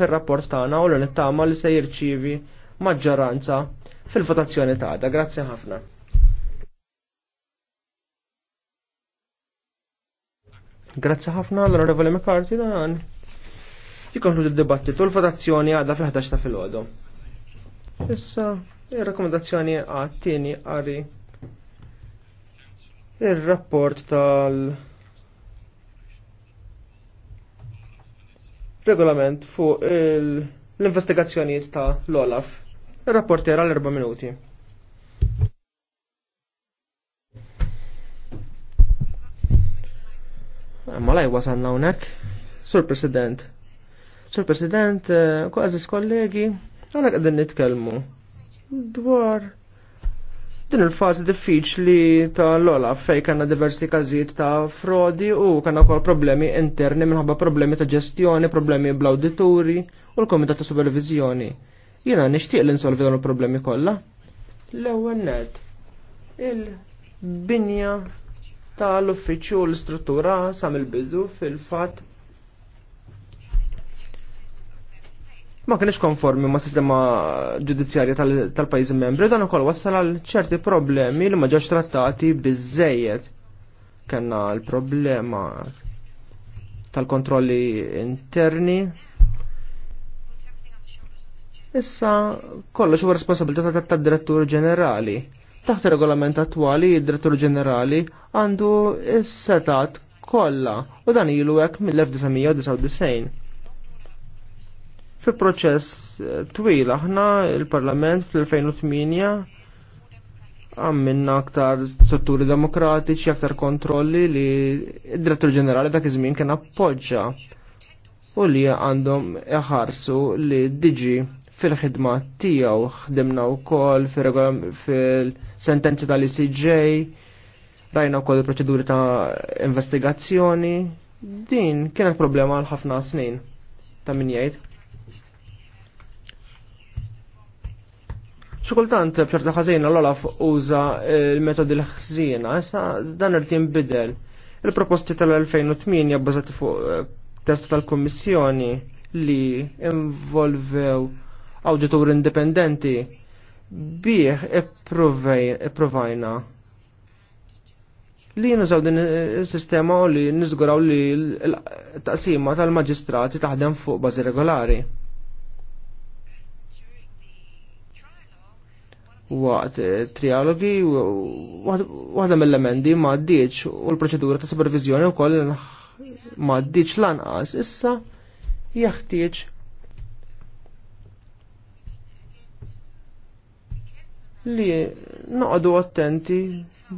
fil-rapport tagħna u l-nittama li se jirċivi maġġoranza fil-votazzjoni tagħna. Grazzi ħafna. Grazzi ħafna l-Onorevoli McCarthy dan. Jikonkludu d-dibattitu l-votazzjoni għadha fil-11 ta' filgħodu. Issa, ir-rakkomandazzjoni għad tieni qari ir-rapport tal- regolament fuq l-investigazzjonijiet ta' l-Olaf. Il-rapporter għal erba' minuti. Ma laj wasanna unek, Sur President. Sur President, eh, kważis kollegi, għanak għedin nitkelmu dwar din il-fazi diffiċli l-ola fej kanna diversi kazijiet ta' frodi u kanna kol problemi interni minħabba problemi ta' ġestjoni, problemi bl-auditori u l-komitat ta' supervizjoni. Jena nishtiq l-insolvi dan il-problemi kolla. L-ewwel net, il-binja tal-uffiċċju u l-istruttura sam il-bidu fil-fatt ma kienx konformi ma' sistema ġudizzjarja tal-pajjiżi membri dan ukoll wassal għal ċerti problemi li ma ġewx trattati biżejjed. Kenna l-problema tal-kontrolli interni. Issa kollox huwa responsabilità tad-direttur ġenerali. Taħt ir-regolament attwali, id-direttur ġenerali għandu s-setat kollha u dan ilu hekk mill-1999 fi proċess eh, twil aħna il-Parlament fl-2008 għamminna aktar strutturi demokratiċi, aktar kontrolli li id-direttur ġenerali dak iż-żmien kien appoġġa u li għandhom iħarsu li diġi fil-ħidma tiegħu ħdimna wkoll fil-sentenzi tal-ICJ, rajna wkoll il-proċeduri ta' investigazzjoni. Din kienet problema għal ħafna snin ta' min jgħid. Xikultant bċerta ħażina l-Olaf uża eh, l-metodi l-ħżina, issa dan irid jinbidel. Il-proposti tal-2008 jabbażati fuq eh, test tal-Kommissjoni li involvew auditor indipendenti bih ipprovajna li nużaw din is-sistema eh, u li niżguraw li l-taqsima tal-maġistrati taħdem fuq bażi regolari. waqt eh, trialogi waħda mill-emendi ma u l-proċedura ta' supervizjoni u koll ma lanqas issa jeħtieġ li noqdu attenti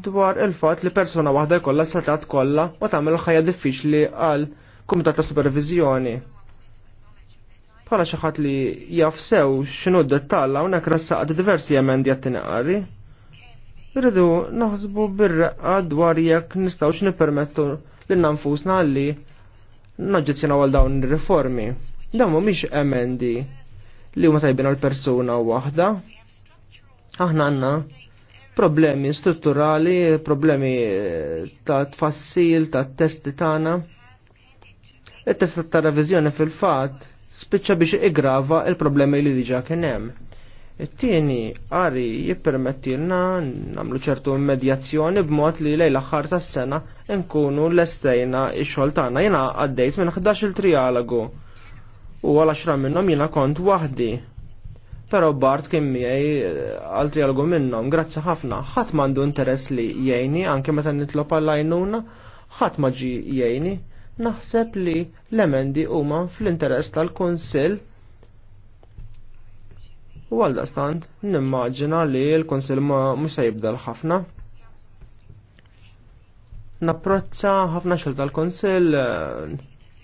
dwar il-fat li persona waħda jkollha setat kollha u tagħmel ħajja diffiċli għal kumitat ta' supervizjoni bħala xi ħadd li jafsew xinu d-dettall rassa għad diversi emendi għat-tinqari. Irridu naħsbu bir-reqqa dwar jekk nistgħux nippermettu lil nfusna li naġġezzjonaw għal dawn ir-riformi. Dan mhumiex emendi li huma tajbin għal persuna waħda. Aħna għandna problemi strutturali, problemi eh, ta' tfassil, ta' testi tagħna. it test ta' reviżjoni fil-fatt spiċċa biex igrava il-problemi li diġa kien hemm. It-tieni għari jippermettilna nagħmlu ċertu medjazzjoni b'mod li lejn l-aħħar tas-sena nkunu lestejna x-xogħol tagħna jiena għaddejt minn 11-il trialogu u għal 10 minnhom jiena kont waħdi. Però Bart kien miegħi eh, għal trialogu minnhom, grazzi ħafna, ħadd m'għandu interess li jgħinni anke meta nitlob għall-għajnuna, ħadd ma ġi jgħini Naħseb li l-emendi huma fl-interess tal-Kunsill u għalda stand nimmaġina li l-Kunsill ma musa jibdal jibdel ħafna. Napprozza ħafna xogħol tal-Kunsill eh,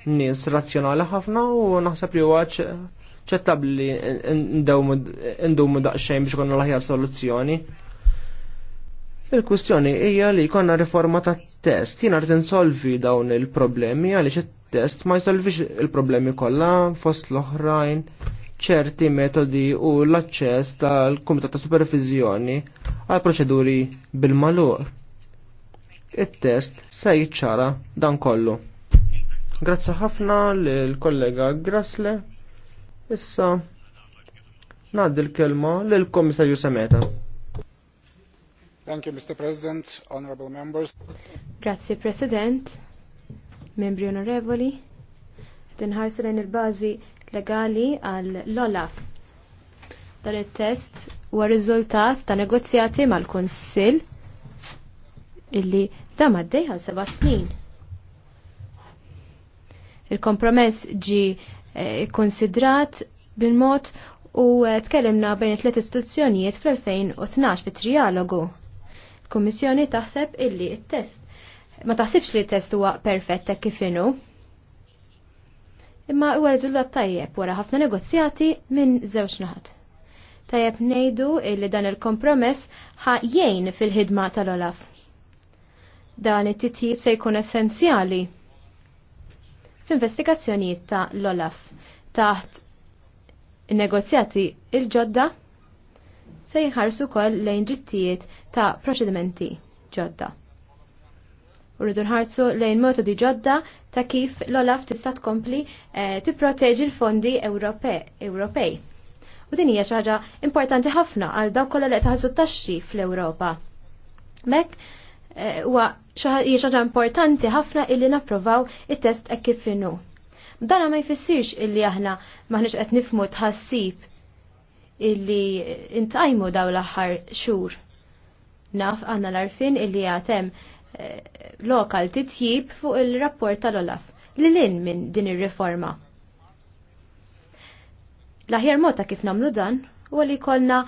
nies razzjonali ħafna u naħseb li huwa ċettab li ndewmu daqsxejn biex konna l-aħjar soluzzjoni. Il-kwistjoni hija li jkollna riforma ta' test jien rrit insolvi dawn il-problemi għaliex it-test ma jsolvix il-problemi kollha fost l-oħrajn ċerti metodi u l-aċċess tal-Kumitat ta' Supervizjoni għal proċeduri bil-malur. It-test se jiċċara dan kollu. Grazzi ħafna l-kollega Grasle. Issa naddi l-kelma l-Komissarju Semeta. Thank you, Mr. President, honorable members. Grazie, President, membri onorevoli. Tinħarsu lejn il-bazi legali għal l-OLAF. Dan il-test huwa riżultat ta' negozjati mal konsil illi da maddej għal seba' snin. Il-kompromess ġi eh, konsidrat bil-mod u eh, tkellimna bejn it-tliet istituzzjonijiet fl-2012 fit-trialogu. Kummissjoni taħseb illi il test Ma taħsibx li t-test huwa perfett kif inhu. Imma huwa riżultat tajjeb wara ħafna negozjati minn żewġ naħat. Tajjeb ngħidu illi dan il-kompromess ħa jgħin fil-ħidma tal-Olaf. Dan it-titjib se jkun essenzjali fl-investigazzjonijiet ta' l-Olaf taħt negozjati il-ġodda se jħarsu koll lejn drittijiet ta' proċedimenti ġodda. Uridu nħarsu lejn metodi ġodda ta' kif l-Olaf tista' tkompli eh, tipproteġi l-fondi Ewropej. U din hija xi ħaġa importanti ħafna għal dawk kollha li taħsu taxxi fl-Ewropa. Mek eh, huwa hija xi ħaġa importanti ħafna illi napprovaw it-test hekk kif inhu. Dan ma jfissirx illi aħna maħniex qed nifmu tħassib illi intajmu daw l-aħħar xhur. Naf għandna l-arfin illi għatem eh, lokal titjib fuq il-rapport tal-Olaf li minn din ir-riforma. L-aħjar mota kif namlu dan u li kolna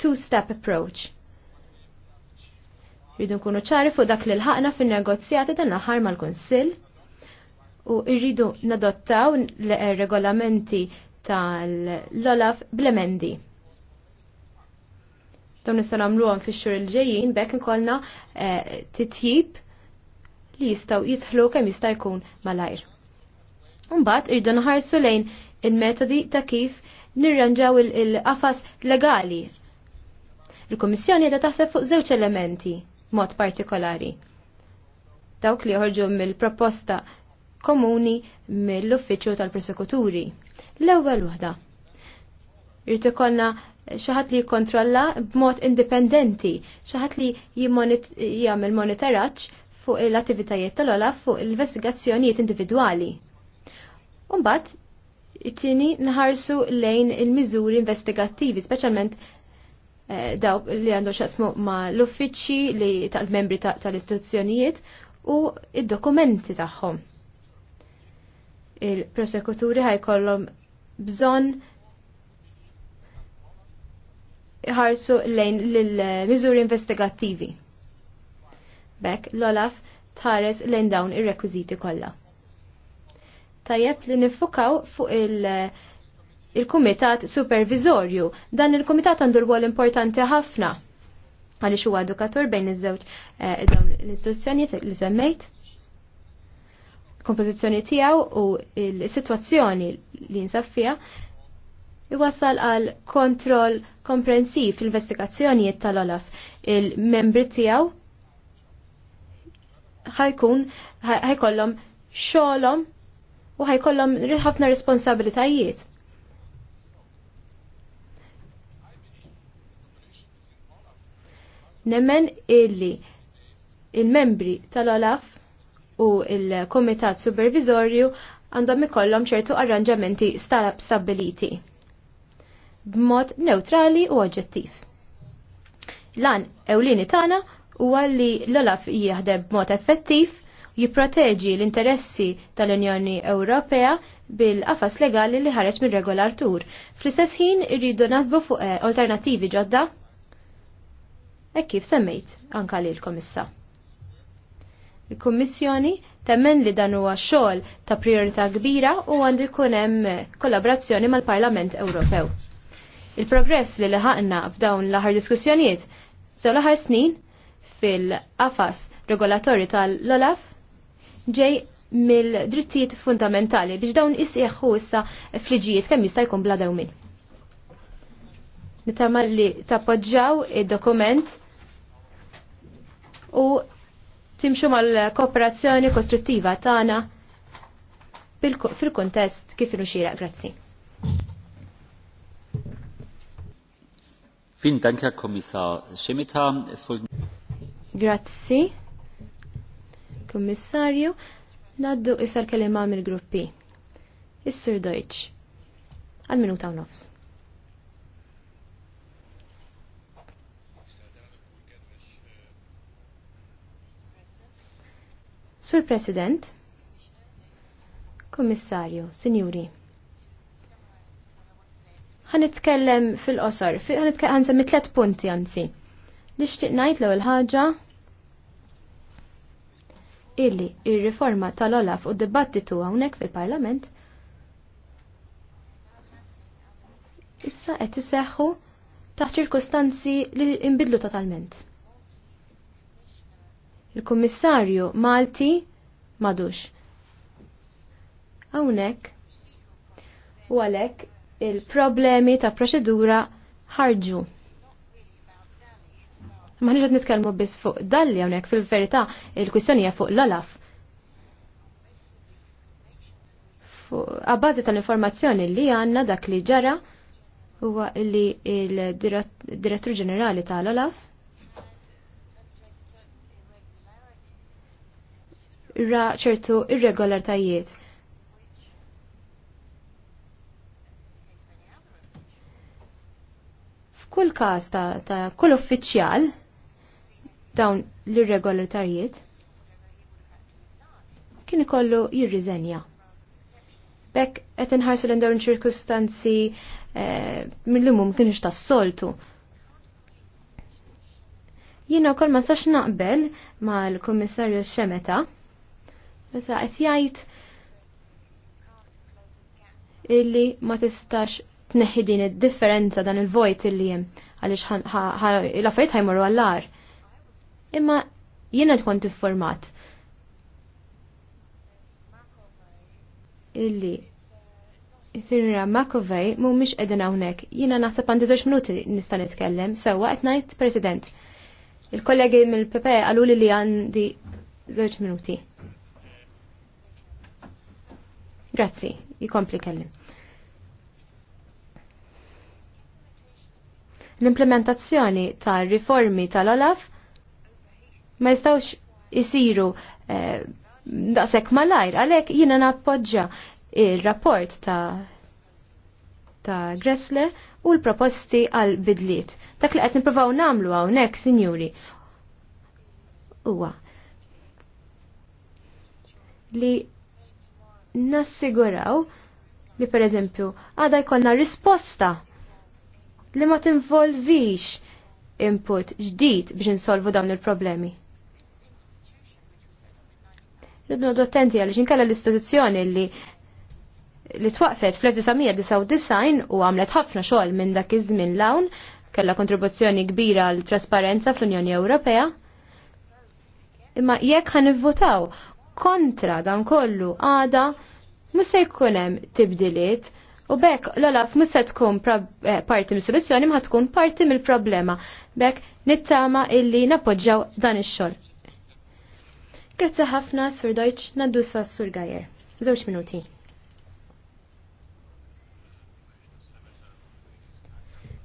two-step approach. Rridu nkunu ċari fuq dak li l-ħakna fin-negozjati dan l mal-Kunsill u rridu nadottaw eh, regolamenti tal-Olaf Blemendi. Dawn nistgħu nagħmluhom fix-xhur il-ġejjin bekk inkolna eh, titjib li jistgħu jitħlu kemm jista' jkun malajr. Mbagħad irdu nħarsu lejn il-metodi ta' kif nirranġaw il-qafas legali. Il-Kummissjoni da taħseb fuq żewġ elementi mod partikolari. Dawk li joħorġu mill-proposta komuni mill-Uffiċċju tal-Prosekuturi. L-ewwel waħda. Irid ikollna xaħat li jikkontrolla b'mod indipendenti, xaħat li jagħmel monitoraġġ fuq l-attivitajiet tal-olaf fuq l-investigazzjonijiet individwali. Umbat, it-tieni nħarsu lejn il-miżuri investigattivi, speċjalment eh, daw li għandu xasmu ma l-uffiċċji li tal-membri tal-istituzzjonijiet u id-dokumenti tagħhom. Il-prosekuturi ħajkollhom bżonn ħarsu lejn l-miżuri investigattivi. Bek, l-Olaf tħares lejn dawn ir-rekwiżiti kollha. Tajjeb li nifukaw fuq il- il-Kumitat Supervizorju. Dan il-Kumitat għandu rwol importanti ħafna għaliex huwa edukatur bejn iż-żewġ eh, dawn l-istituzzjonijiet li semmejt kompożizzjoni tiegħu u l-sitwazzjoni li jinsab fiha iwassal għal kontroll komprensiv fil-investigazzjonijiet tal-Olaf. Il-membri tiegħu ħajkun ħajkollhom xogħolhom u ħajkollhom ħafna responsabilitajiet. Nemmen illi il-membri tal-Olaf u il-Komitat Supervizorju għandhom ikollhom ċertu arranġamenti stabiliti b'mod neutrali u oġġettiv. Lan ewlini tagħna huwa li l-Olaf jieħdeb b'mod effettiv jipproteġi l-interessi tal-Unjoni Ewropea bil-qafas legali li ħareġ minn regolar tur. Fl-istess ħin irridu nasbu fuq eh, alternativi ġodda? E kif semmejt anka lil komissar. komissa Il-Kummissjoni temmen li dan huwa xogħol ta' priorità kbira u għandu jkun hemm kollaborazzjoni mal-Parlament Ewropew. Il-progress li liħaqna f'dawn l-aħħar diskussjonijiet f'dawn l-aħħar snin fil-qafas regolatorju tal-Olaf ġej mill-drittijiet fundamentali biex dawn isseħħu issa fliġijiet kemm jista' jkun bla dewmin. Nitama li tappoġġaw id-dokument u timxu mal-kooperazzjoni kostruttiva tagħna fil-kontest kif inuxira. Grazzi. Fin dank Herr Kommissar Schemeta. Grazzi. Kommissarju, naddu isar kelima mill-gruppi. Is-Sur Deutsch. Għal minuta u nofs. Sur President, Kommissarju, Sinjuri, ħanitkellem fil-qosor, ħanitkellem it tlet punti għanzi. Nixtieq ngħid l-ewwel ħaġa illi ir-riforma tal-Olaf u d-dibattitu hawnhekk fil-Parlament issa qed iseħħu taħt ċirkustanzi li imbidlu totalment. Il-Kummissarju Malti madux. Hawnhekk u għalhekk il-problemi ta' proċedura ħarġu. Ma qed nitkellmu biss fuq dalli hawnhekk fil-verità il-kwistjoni hija fuq l-olaf. Għabbażi tal-informazzjoni li għandna dak li ġara huwa li il-Direttur Ġenerali tal alaf ra ċertu irregolartajiet. F'kull każ ta', ta kull uffiċjal dawn l-irregolartajiet kien ikollu jirriżenja. Bekk qed inħarsu l dawn ċirkustanzi eh, mill-mum kienx tas-soltu. Jiena kol ma sax naqbel mal-Kummissarju Xemeta Meta qed jgħid illi ma tistax tneħħi din id-differenza dan il-vojt illi hemm għaliex l-affarijiet ħajmorru għall-ar. Imma jiena tkun tiffurmat illi Sirra Makovej mu mux edin għawnek. Jina naħseb għandi zoċ minuti nista' nitkellem. Sewa qed ngħid President. Il-kollegi mill-PP e għalu li għandi zoċ minuti. Grazzi, jikompli kelli. L-implementazzjoni tal riformi tal-Olaf ma jistawx isiru eh, daqsek malajr, għalek jina nappoġġa il-rapport ta' ta' Gressle u l-proposti għal bidliet. Dak li qed nippruvaw namlu hawnhekk, sinjuri. Huwa li nassiguraw li per eżempju għada jkollna risposta li ma tinvolvix input ġdid biex insolvu dawn il-problemi. Rridu nodu attenti għal xinkella l-istituzzjoni li li twaqfet fl-1999 u għamlet ħafna xogħol minn dak iż-żmien l-hawn, kellha kontribuzzjoni kbira għal trasparenza fl-Unjoni Ewropea. Imma jekk ħan votaw kontra dan kollu għada mhux se jkun hemm tibdiliet u bekk l-olaf mhux se tkun eh, parti mis-soluzzjoni ma tkun parti mill-problema. Bekk nittama illi napoġġaw dan ix-xogħol. Grazzi ħafna Sur Deutsch naddusa Sur Gajer. Żewġ minuti.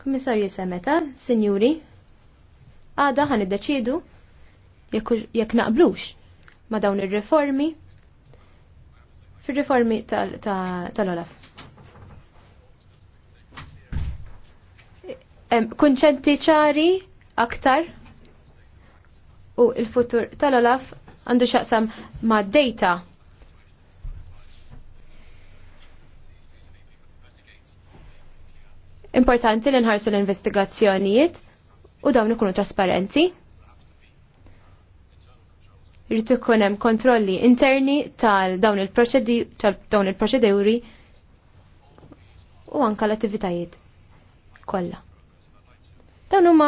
Kummissarju Semeta, Sinjuri, għada ħan iddeċidu jekk naqblux ma' dawn ir-riformi fir-riformi tal-Olaf. Kunċenti ċari aktar u il-futur tal-Olaf għandu xaqsam ma' data importanti li nħarsu l-investigazzjonijiet u dawn ikunu trasparenti. Irrid ikun hemm kontrolli interni tal dawn il-proċeduri u anka l-attivitajiet kollha. Dawn huma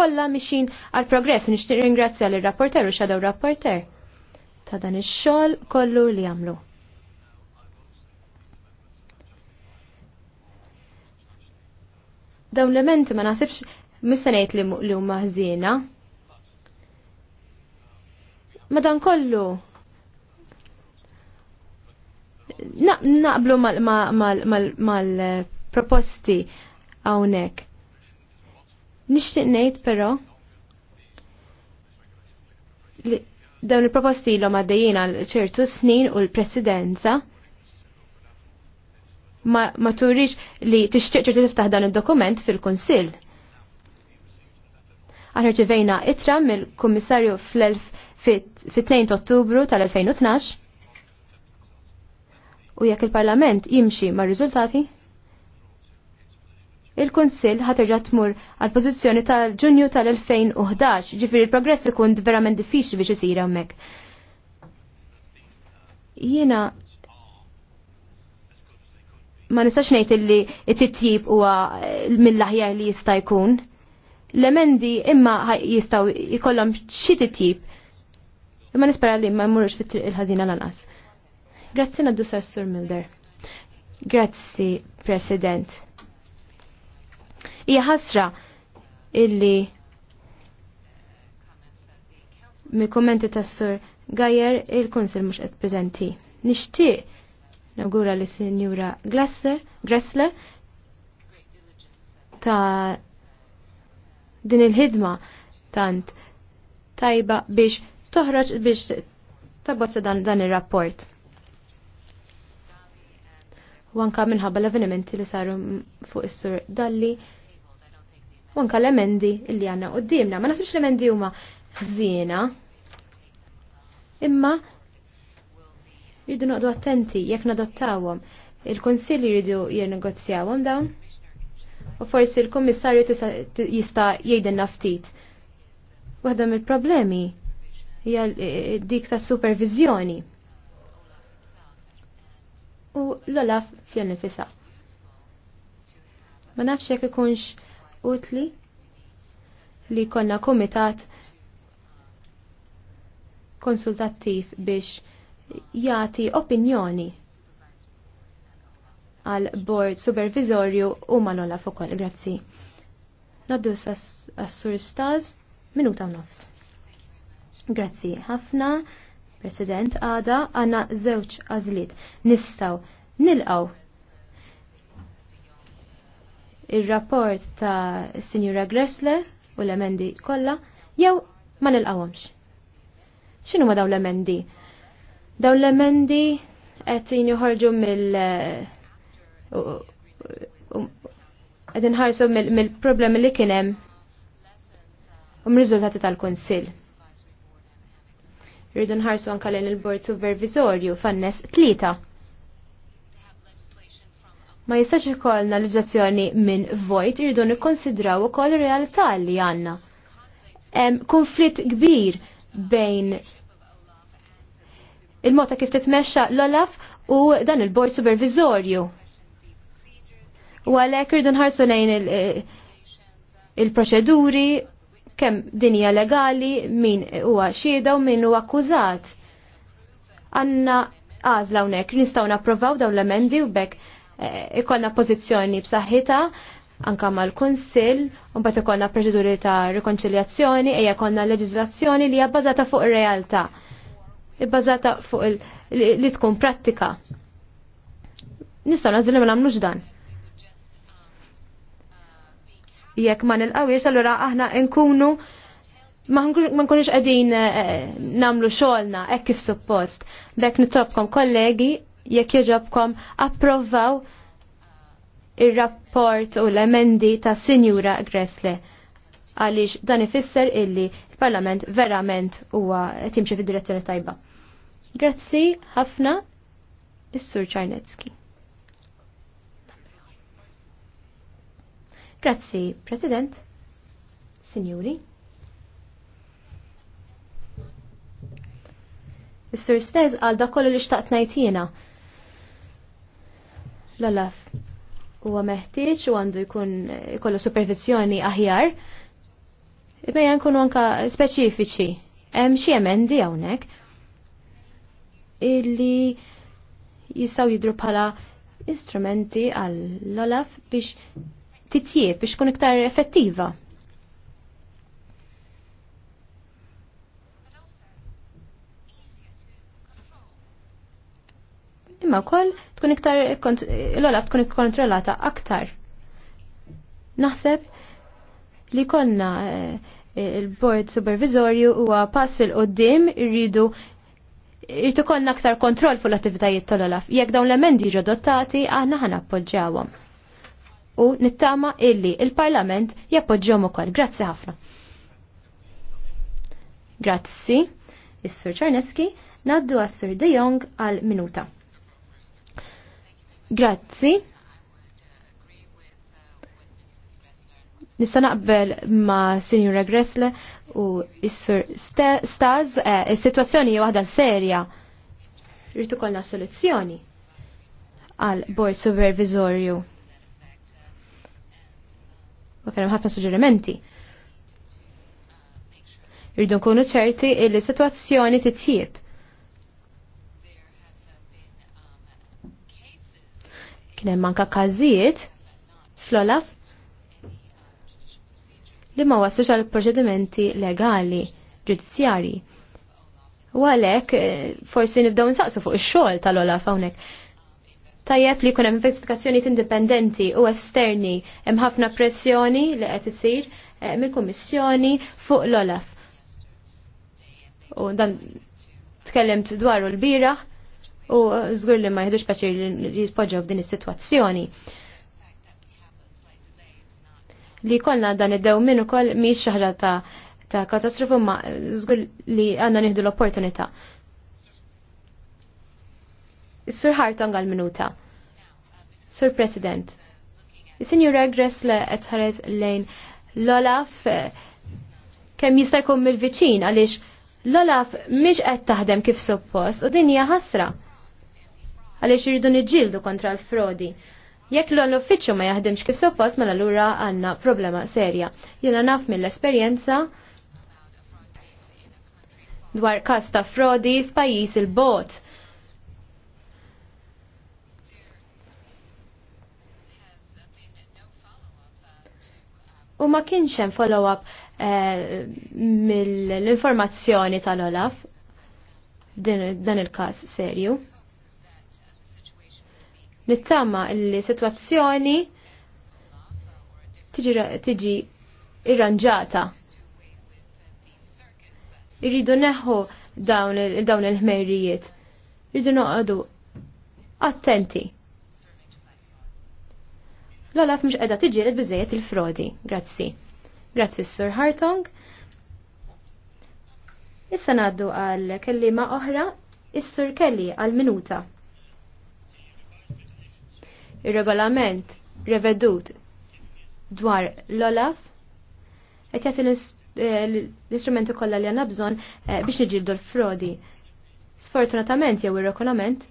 kollha mixin għal progress nixtieq ringrazzja lir rapporter u xadow rapporter ta' dan ix-xogħol kollu li jagħmlu. Dawn l-elementi ma nasibx mistennejt li huma ħżiena. Madan kollu, naqblu mal-proposti eh, għawnek. Nishtiq nejt pero dawn il-proposti l-om għaddejjina għal ċertu snin u l-presidenza ma turix li tixtieq ċertu tiftaħ dan il-dokument fil-Kunsill. Aħna ġivejna itra mill-Kummissarju fl-1000 fit-2 ottubru tal-2012 u jekk il-Parlament jimxi ma' riżultati, il-Kunsill ħaterġa' tmur għal pożizzjoni tal-Ġunju tal-2011, ġifir il-progress ikun verament diffiċli biex isir hemmhekk. Jiena ma nistax ngħid illi t-titjib huwa mill-aħjar li jista' jkun. L-emendi imma jistgħu jkollhom xi titjib imma nispera li ma jmurrux fit il-ħazina lanqas. Grazzi naddu sar Sur Milder. Grazzi, President. Hija ħasra illi mill-kommenti tas Sur Gajer il-Kunsil mhux qed preżenti. Nixtieq nagura li Sinjura Gressler ta' din il-ħidma tant tajba biex toħroġ biex tabbozza dan, dan ir-rapport. U minħabba l-avvenimenti li saru fuq is-sur dalli Wanka l-emendi li għanna d-dimna. Ma nasibx l-emendi huma ħżiena. Imma jridu noqdu attenti jekk nadottawhom. Il-Kunsill jridu jirnegozjawhom dawn. U forsi l-Kummissarju jista' jgħidilna ftit. Waħda mill-problemi hija eh, dik ta' supervizjoni. U l-olaf fjan nifisa. Ma nafx jekk ikunx utli li konna komitat konsultattiv biex jati opinjoni għal board supervisorju u u koll. Grazzi. Naddu s-sur staz minuta u nofs. Grazzi ħafna, President Ada, għanna żewġ għażliet nistaw nilqaw il-rapport ta' Signora Gressle u l-emendi kollha jew ma ċinu X'inhuma dawn l-emendi? Dawn l-emendi qed juħarġu mill qed inħarsu mill-problemi li kien hemm u um mir-riżultati tal-Kunsill. Rridu nħarsu anka lejn il-Bord Supervisorju fan-nes tlieta. Ma jistax ikollna leġizzazzjoni minn vojt irridu nikkonsidraw ukoll ir-realtà li għandna. Hemm konflitt kbir bejn il-mota kif titmexxa l-Olaf u dan il-Bord Supervisorju. U għalhekk irridu nħarsu lejn il-proċeduri il proċeduri kemm dinja legali, min huwa xieda u min huwa akkużat. Għanna għażla hawnhekk nistgħu napprovaw dawn l-emendi u bekk eh, ikollna pożizzjoni b'saħħitha anka mal-Kunsill, u mbagħad ikollna proċeduri ta' rikonċiljazzjoni ejja konna leġiżlazzjoni li hija bbażata fuq ir-realtà. bbażata fuq li tkun prattika. Nistgħu nażilhom nagħmlux dan jekk ma nilqawiex allura aħna nkunu ma nkunux qegħdin eh, eh, namlu xogħolna hekk kif suppost. Bekk nitobkom kollegi jekk jogħġobkom approvaw ir-rapport u l-emendi ta' Sinjura Gressle għaliex dan ifisser illi il-Parlament verament huwa timxi fid-direzzjoni tajba. Grazzi ħafna is-Sur Czarnecki. Grazzi, President. Signori. Is-Sur Stez għal da kollu li xtaqt najtina. L-Olaf huwa meħtieġ u għandu jkun kollu supervizjoni aħjar. Imma nkunu anka speċifiċi. Em xie emendi hawnhekk illi jistaw jidru bħala instrumenti l olaf biex titjieb biex tkun iktar effettiva. Imma kol tkun iktar l-olaf tkun kontrollata aktar. Naħseb li konna eh, il-board supervisorju huwa pass il qoddim irridu irtu konna aktar kontroll fuq l-attivitajiet tal-olaf. Jekk dawn l-emendi ġodottati, aħna ħana appoġġawom u nittama illi il-Parlament u ukoll. Grazzi ħafna. Grazzi, is-Sur Czarneski, naddu għas-Sur De Jong għal minuta. Grazzi. Nista' naqbel ma' Sinjura Gressle u is-Sur Staz, eh, is-sitwazzjoni hija waħda serja. Rritu kollna soluzzjoni għal bord supervisorju Ma kien hemm ħafna suġġerimenti. Irridu nkunu ċerti li situazzjoni titjib. Kien hemm anke każijiet fl-olaf li ma waslux għal proċedimenti legali ġudizzjarji. U għalhekk eh, forsi nibdew nsaqsu fuq ix-xogħol tal-olaf hawnhekk tajjeb li jkun hemm investigazzjoni indipendenti u esterni hemm ħafna pressjoni li qed isir mill-Kummissjoni fuq l-Olaf. U dan tkellimt dwaru l bira u żgur li ma jħedux paċir li jispoġġaw f'din is-sitwazzjoni. Li kollna dan id dew minn ukoll mhix ta' ta' katastrofu ma' żgur li għandna nieħdu l-opportunità. Is-Sur Harton għal-minuta. Sur President, is-Sinjura Gressle qed ħares lejn l-Olaf kemm jista' jkun mill-viċin għaliex l-Olaf mhix qed taħdem kif suppost u din hija ħasra għaliex irridu niġġieldu kontra l-frodi. Jekk l-uffiċċju ma jaħdimx kif suppost mela lura għandna problema serja. Jiena naf mill-esperjenza dwar każ ta' frodi f'pajjiż il-bot u ma kienx hemm follow-up eh, mill-informazzjoni tal-Olaf dan il-każ serju. Nittama li situazzjoni tiġi irranġata. Irridu neħu dawn il-ħmerijiet. Irridu noqogħdu attenti l-olaf mhux qiegħda tiġġieled bizzejet il-frodi. Grazzi. Grazzi Sur Hartong. Issa ngħaddu għal kellima oħra, is-Sur Kelly għal minuta. Ir-regolament revedut dwar l-olaf qed jagħti eh, l-istrumenti kollha li għandna bżonn eh, biex nġildu l-frodi. Sfortunatament jew ir-regolament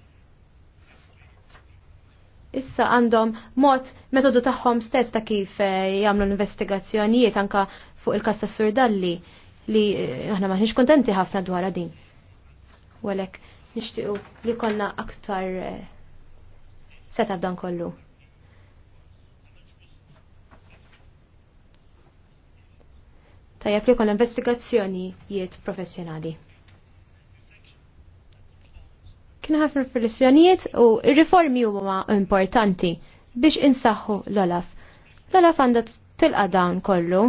issa għandhom mod metodu tagħhom stess ta' kif eh, jagħmlu investigazzjonijiet anka fuq il kassa Surdalli li eh, aħna maħniex kontenti ħafna dwar din. Walek nixtiequ li konna aktar eh, seta' dan kollu. Tajjeb li konna investigazzjonijiet professjonali. Kien ħafna riflessjonijiet u riformi huma importanti biex insaħħu l-olaf. L-olaf għandha tilqa' dawn kollu,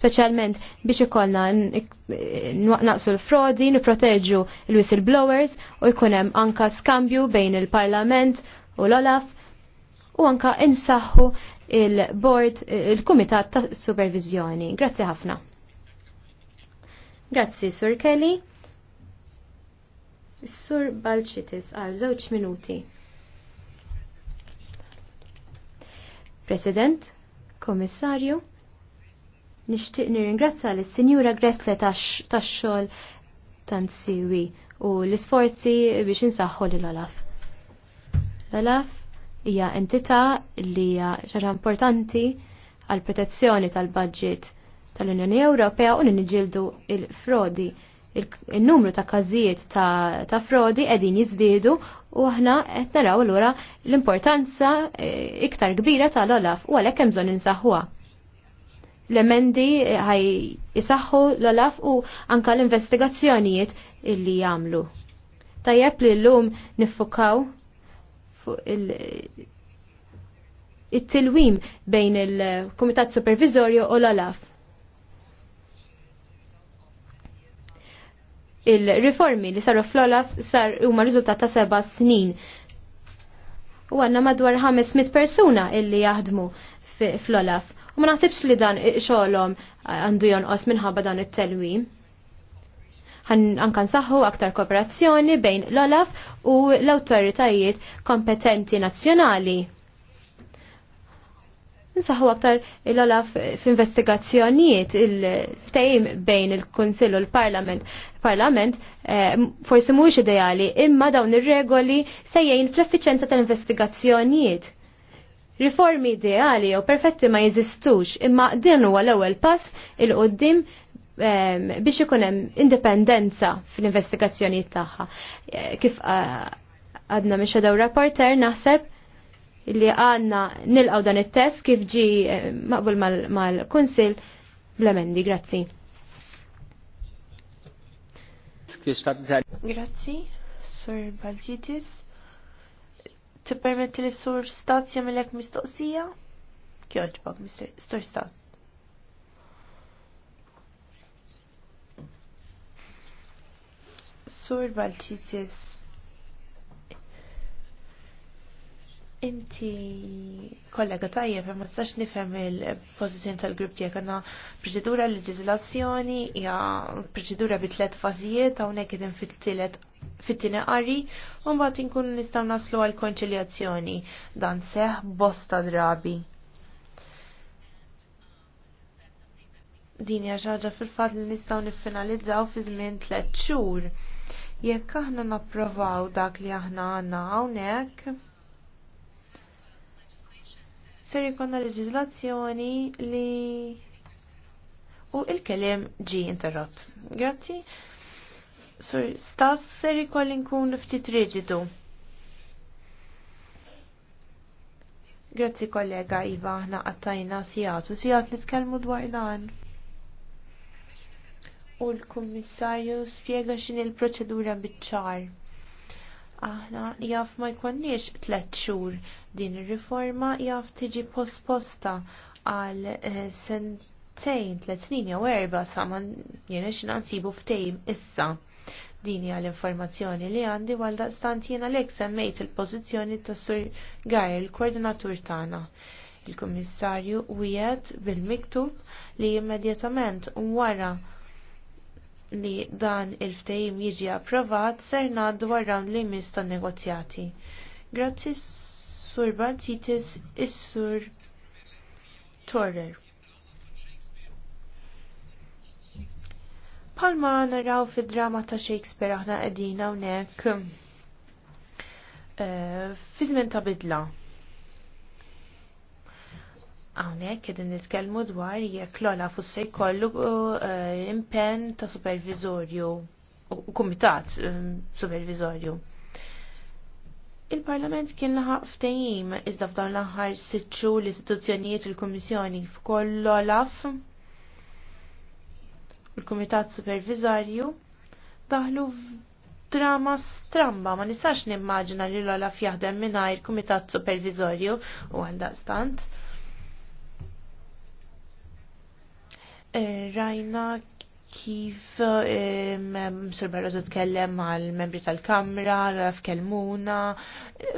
speċjalment biex ikollna naqsu l-frodi, niproteġu l-whistleblowers u jkun hemm anka skambju bejn il-Parlament u l-Olaf u anka insaħħu il-Board, il-Kumitat ta' Supervizjoni. Grazzi ħafna. Grazzi, Sur Kelly sur Balċitis għal żewġ minuti. President, Komissarju, nixtieq nirringrazzja lis sinjura Gressle tax-xogħol tansiwi u l-isforzi biex insaħħu lil Olaf. Olaf hija entità li hija xaġa importanti għal protezzjoni tal-budget tal-Unjoni Ewropea u niġildu il-frodi. il frodi il-numru ta' każijiet ta', ta frodi qegħdin jiżdiedu u aħna qed naraw allura l-importanza eh, iktar kbira tal-Olaf u għalhekk hemm bżonn insaħħuha. L-emendi eh, ħaj isaħħu l-Olaf u anka l-investigazzjonijiet illi jagħmlu. Tajjeb li llum niffukaw il- it-tilwim bejn il-Kumitat Supervizorju u l-Olaf il-riformi li saru fl-olaf sar huma riżultat ta' seba snin. U għanna madwar 500 persuna illi jaħdmu fl-olaf. U ma naħsibx li dan xogħolhom għandu jonqos minħabba dan it-telwim ankan saħu aktar kooperazzjoni bejn l-OLAF u l-autoritajiet kompetenti nazzjonali. Nsaħu aktar il-olaf f'investigazzjonijiet il-ftajim bejn il kunsill u l-Parlament. Parlament eh, forsi mhuwiex ideali imma dawn ir-regoli sejjejn fl-effiċenza tal-investigazzjonijiet. Riformi ideali jew perfetti ma jeżistux imma din huwa l-ewwel pass il qoddim ehm, biex ikun hemm indipendenza fl-investigazzjonijiet tagħha. Eh, kif eh, għadna miex daw rapporter naħseb li għanna nilqaw dan it-test kif ġi eh, maqbul mal-Kunsil bl-emendi. Grazzi. Grazzi, Sur Balġitis. Tippermetti li Sur Stas jamilek mistoqsija? Kjoġbok, Sur Stas. Sur Balċitis Inti kollega tajjeb, ma tistax nifhem il-pożizzjoni tal-grupp tiegħek għandna proċedura leġiżlazzjoni hija proċedura bi tliet fażijiet hawnhekk qegħdin fit-tielet fit-tieni qari u mbagħad inkun nistgħu naslu għal konċiljazzjoni dan seħ bosta drabi. Din hija ħaġa fil-fatt li nistgħu niffinalizzaw fi żmien tliet xhur. Jekk aħna napprovaw dak li aħna għandna hawnhekk, ser jikonna leġiżlazzjoni li u il-kelem ġi interrott. Grazzi. Sur stas ser jkolli nkun ftit riġidu. Grazzi kollega Iva, aħna qattajna sijat u sijat niskelmu dwar dan. U l-Kummissarju spjega x'in il-proċedura biċ-ċar aħna jaf ma jkonniex tlet xhur din ir-riforma jaf tiġi posposta għal eh, sentejn, tlet snin jew erba sa ma jiena nsibu ftejm issa. Dini għal informazzjoni li għandi għal daqstant jiena lek semmejt il-pożizzjoni ta' Sur Gajr, il-koordinatur tagħna. Il-Kummissarju wieħed bil-miktub li immedjatament wara li dan il-ftehim jiġi approvat ser ngħaddu għar li jmiss tan-negozjati. Grazzi Sur Balzitis is-Sur Torrer. Palma naraw fid-drama ta' Shakespeare aħna qegħdin hawnhekk eh, fi żmien ta' bidla. Għawnek, edin nitkelmu dwar jekk l-ola fusse jkollu uh, impen ta' supervizorju, u kumitat um, supervizorju. Il-Parlament kien laħaq ftehim iżda f'dawn l-aħħar sitxu l-istituzzjonijiet il-Kummissjoni f'koll l-Olaf, il-Kumitat Supervizorju, daħlu drama stramba, ma nistax nimmaġina li l-Olaf jaħdem mingħajr Kumitat Supervizorju u għal stant Eh, rajna kif eh, Mr. Barroso tkellem għal membri tal-Kamra, f'kelmuna,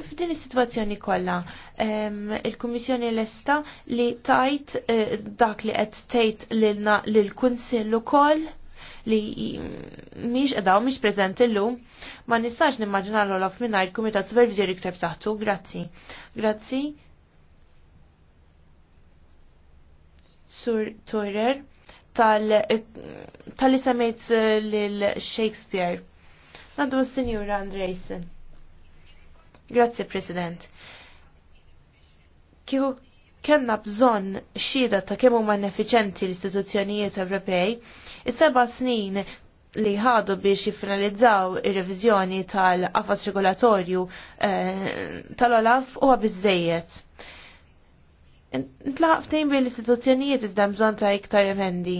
f'din is-sitwazzjoni kollha. Il-Kummissjoni lesta li tajt eh, dak li qed tgħid lilna lill-Kunsill ukoll li miex edaw miex preżenti llum ma nistax nimmaġina l-Olaf mingħajr kumitat supervizjoni iktar saħtu. Grazzi. Grazzi. Sur Torer tal-li semmejt eh, l-Shakespeare. Nandu s-Sinjur Andrejsen. Grazie, President. Kieku kena bżon xida ta' kemmu man effiċenti l-istituzzjonijiet Ewropej, is-seba snin li ħadu biex jifinalizzaw ir-reviżjoni tal-qafas regolatorju eh, tal-Olaf huwa għabizzejiet. Nitlaq ftejn bejn l-istituzzjonijiet iżda bżonn ta' iktar emendi.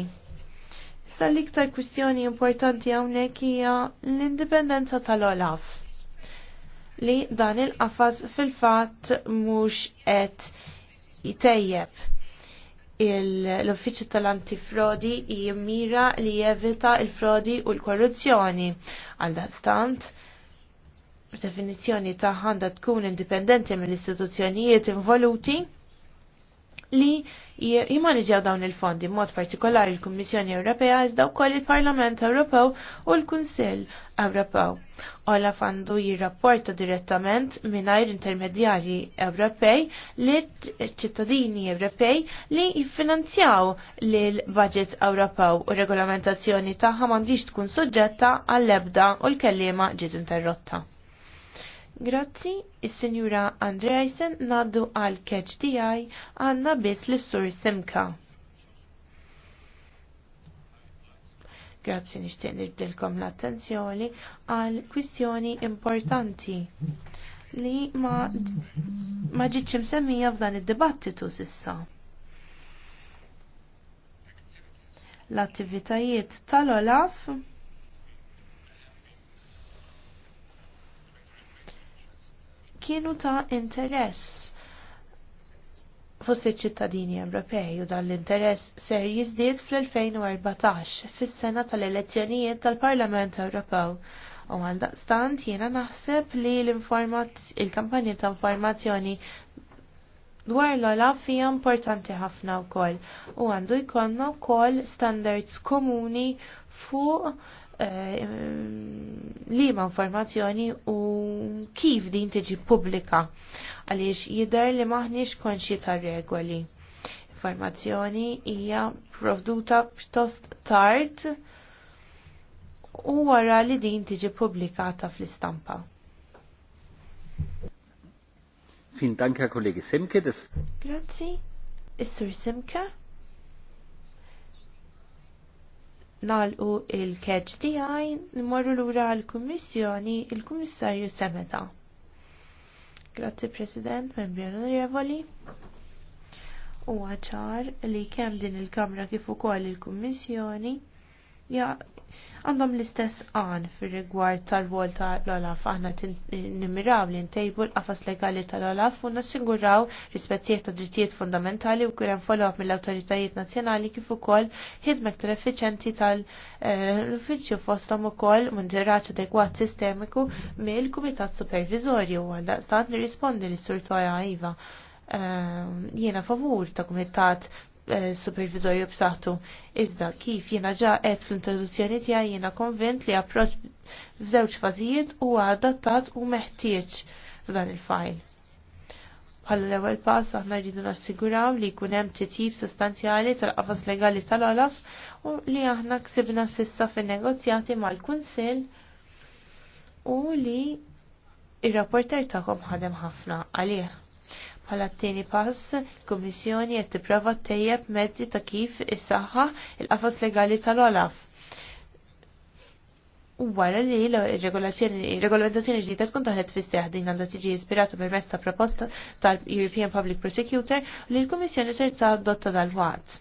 Issa l-iktar kwistjoni importanti hawnhekk hija l-indipendenza tal-Olaf li dan il-qafas fil-fatt mhux qed jitejjeb l-Uffiċċju tal-Antifrodi jimmira li jevita il-frodi u l-korruzzjoni. Għal stant, definizjoni ta' għanda tkun indipendenti mill-istituzzjonijiet involuti li jimmanġaw dawn il-fondi mod partikolari l-Kummissjoni Ewropea iżda wkoll il-Parlament Ewropew u l-Kunsill Ewropew. Ola fandu jirrapporta direttament mingħajr intermedjarji Ewropej li ċittadini Ewropej li jiffinanzjaw lil budget Ewropew u regolamentazzjoni tagħha m'għandix tkun suġġetta għall-ebda u l-kellima ġiet interrotta. Grazzi, il-Sinjura Andrejsen naddu għal keċ tijaj għanna bis l-sur Simka. Grazzi nishtiq nibdilkom l-attenzjoni għal kwistjoni importanti li ma, ma ġitx msemmija f'dan id-dibattitu sissa. L-attivitajiet tal-Olaf kienu ta' interess fost iċ-ċittadini Ewropej u dan l-interess ser jiżdied fl-2014 fis-sena tal-elezzjonijiet tal-Parlament Ewropew. U għal daqstant jiena naħseb li l-kampanja ta' informazzjoni dwar l-olaf hija importanti ħafna wkoll u għandu jkollna wkoll standards komuni fuq Eh, li ma informazzjoni u kif din tiġi pubblika għaliex jider li maħniex konxi ta' regoli. Informazzjoni hija provduta pjuttost tard u wara li din tiġi pubblikata fl-istampa. Fin tanka kollegi Simke. Grazzi, is-sur Simke. nalqu il keċ tiegħi nimorru lura l-Kummissjoni il-Kummissarju Semeta. Grazzi President, membri onorevoli. Huwa ċar li kemm din il-Kamra kif ukoll il-Kummissjoni Ja għandhom l-istess għan fir rigward tal-wol ta' l-Olaf. Aħna nimmiraw li ntejbu l-qafas legali tal-Olaf u nassiguraw rispettijiet ta' drittijiet fundamentali u kurem follow-up mill-autoritajiet nazjonali kif ukoll ħidmek ktar effiċenti tal-uffiċċju fostom ukoll mundiraċ adegwat sistemiku mill-Kumitat Supervizorju għal stat nirrispondi l-Sur Toja Iva. Jiena favur ta' kumitat Eh, supervizorju b'saħħtu. Iżda kif jiena ġa qed fl-introduzzjoni tiegħi jiena konvint li approċċ f'żewġ fażijiet huwa adattat u meħtieġ f'dan il-fajl. Bħala l-ewwel pass aħna rridu nassiguraw li jkun hemm titjib sostanzjali tal-qafas legali tal-Olaf u li aħna ksibna sissa fin-negozjati mal-Kunsill u li ir-rapporter tagħhom ħadem ħafna għalih. Bħala t-tieni pass, il-Kummissjoni qed tipprova tejjeb mezzi ta' kif issaħħa il-qafas legali tal-Olaf. U wara li l-regolamentazzjoni ġdida tkun taħlet fis-seħ din għandha tiġi ispirata permezz ta' proposta tal-European Public Prosecutor li l-Kummissjoni ser adotta dal-waqt.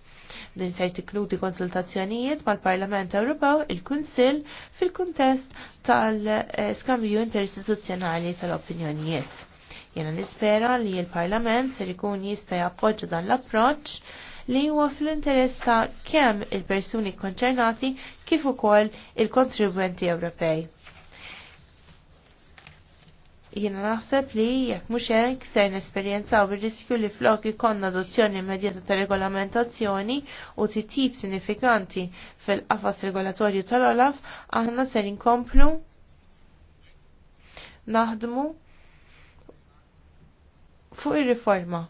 Din ser tikludi konsultazzjonijiet mal-Parlament Ewropew, il-Kunsill fil-kuntest tal-skambju eh, interistituzzjonali tal-opinjonijiet. Jena nispera li il-Parlament ser ikun jista' jappoġġa dan l-approċċ li huwa fl-interess ta' kemm il-persuni konċernati kif ukoll il-kontribwenti Ewropej. Jiena naħseb li jekk mhux hekk ser nesperjenzaw ir-riskju li flok ikon adozzjoni immedjata ta' regolamentazzjoni u titjib sinifikanti fil-qafas regolatorju tal-Olaf aħna ser inkomplu naħdmu fuq ir-riforma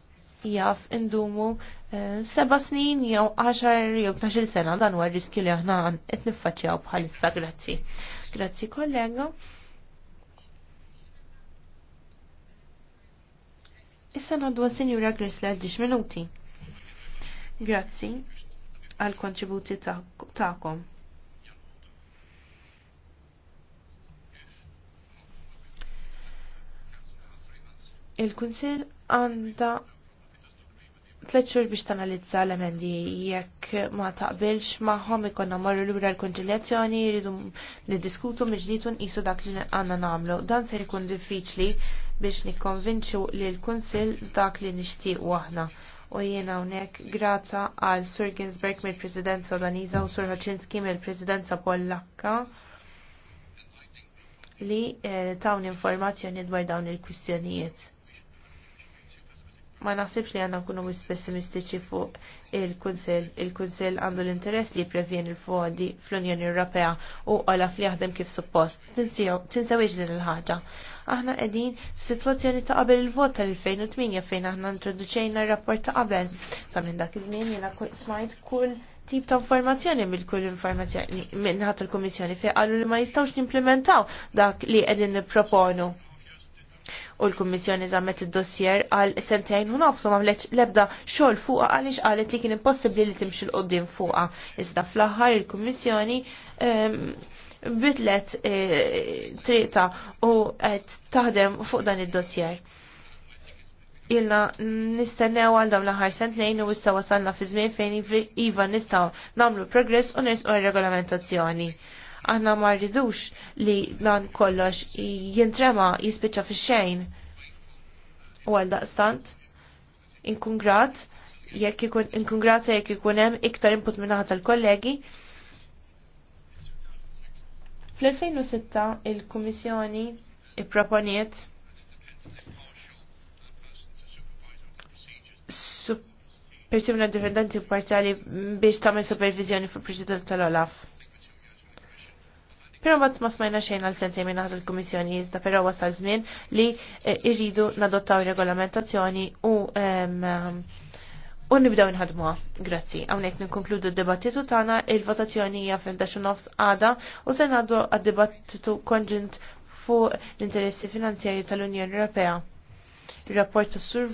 jaf indumu eh, seba snin jew 10 jew 12 sena dan huwa riskju li aħna qed niffaċċjaw bħalissa grazzi. Grazzi kollega. Issa għandu għas-senjura Grisler 10 minuti. Grazzi għal kontributi ta'kom. Ta Il-Kunsil għanda tliet xhur biex tanalizza l-emendi jekk ma taqbilx magħhom ikonna marru lura l-konġiljazzjoni jridu niddiskutu miġdietu nqisu dak li għandna nagħmlu. Dan ser jkun diffiċli biex nikkonvinċu li l-Kunsill dak li nixtiequ aħna. U jiena hawnhekk grazza għal Sur Ginsberg mill-Presidenza Daniża u Sur Haczynski mill-Presidenza Pollakka li eh, tawni informazzjoni dwar dawn il-kwistjonijiet ma naħsibx li għanna nkunu wis pessimistiċi fuq il-Kunsel. Il-Kunsel għandu l-interess li prevjen il-fodi fl-Unjoni Ewropea u għala li jaħdem kif suppost. Tinsewiex din il-ħaġa. Aħna qegħdin f'sitwazzjoni ta' qabel il-vot tal-2008 fejn aħna introduċejna r-rapport ta' qabel. Sa minn dak iż-żmien jena smajt kull tip ta' informazzjoni mill-kull informazzjoni minnħat il-Kummissjoni fejn qalu li ma jistgħux nimplementaw dak li qegħdin nipproponu. proponu u l-Kummissjoni żammet id-dossier għal sentejn u nofsu ma l-ebda xogħol fuqha għaliex qalet li kien impossibbli li timxi l-qudiem fuqha. Iżda fl-aħħar il-Kummissjoni ehm, bidlet eh, triqta u qed taħdem fuq dan id-dossier ilna nistennew għal dawn l-aħħar sentejn u issa wasalna fi żmien fejn iva nistgħu nagħmlu progress u r regolamentazzjoni. Aħna ma rridux li dan kollox jintrema jispiċċa fix-xejn. U għal daqstant, inkungrat grat, jekk ikun inkun jekk ikun hemm iktar input minn tal-kollegi. Fl-2006 il-Kummissjoni ipproponiet persuna dipendenti parzjali biex tagħmel supervizjoni fil-President tal-Olaf. Pero ma smajna xejn għal sentej minn għad l komissjoni iżda pero wasal żmien li eh, irridu nadottaw regolamentazzjoni u U nibdaw nħadmuha. Grazzi. Hawnhekk ninkonkludu d-dibattitu tagħna, il-votazzjoni hija fil nofs għada u se ngħaddu għad-dibattitu konġint fuq l-interessi finanzjarji tal-Unjoni Ewropea. Rapport tas-Sur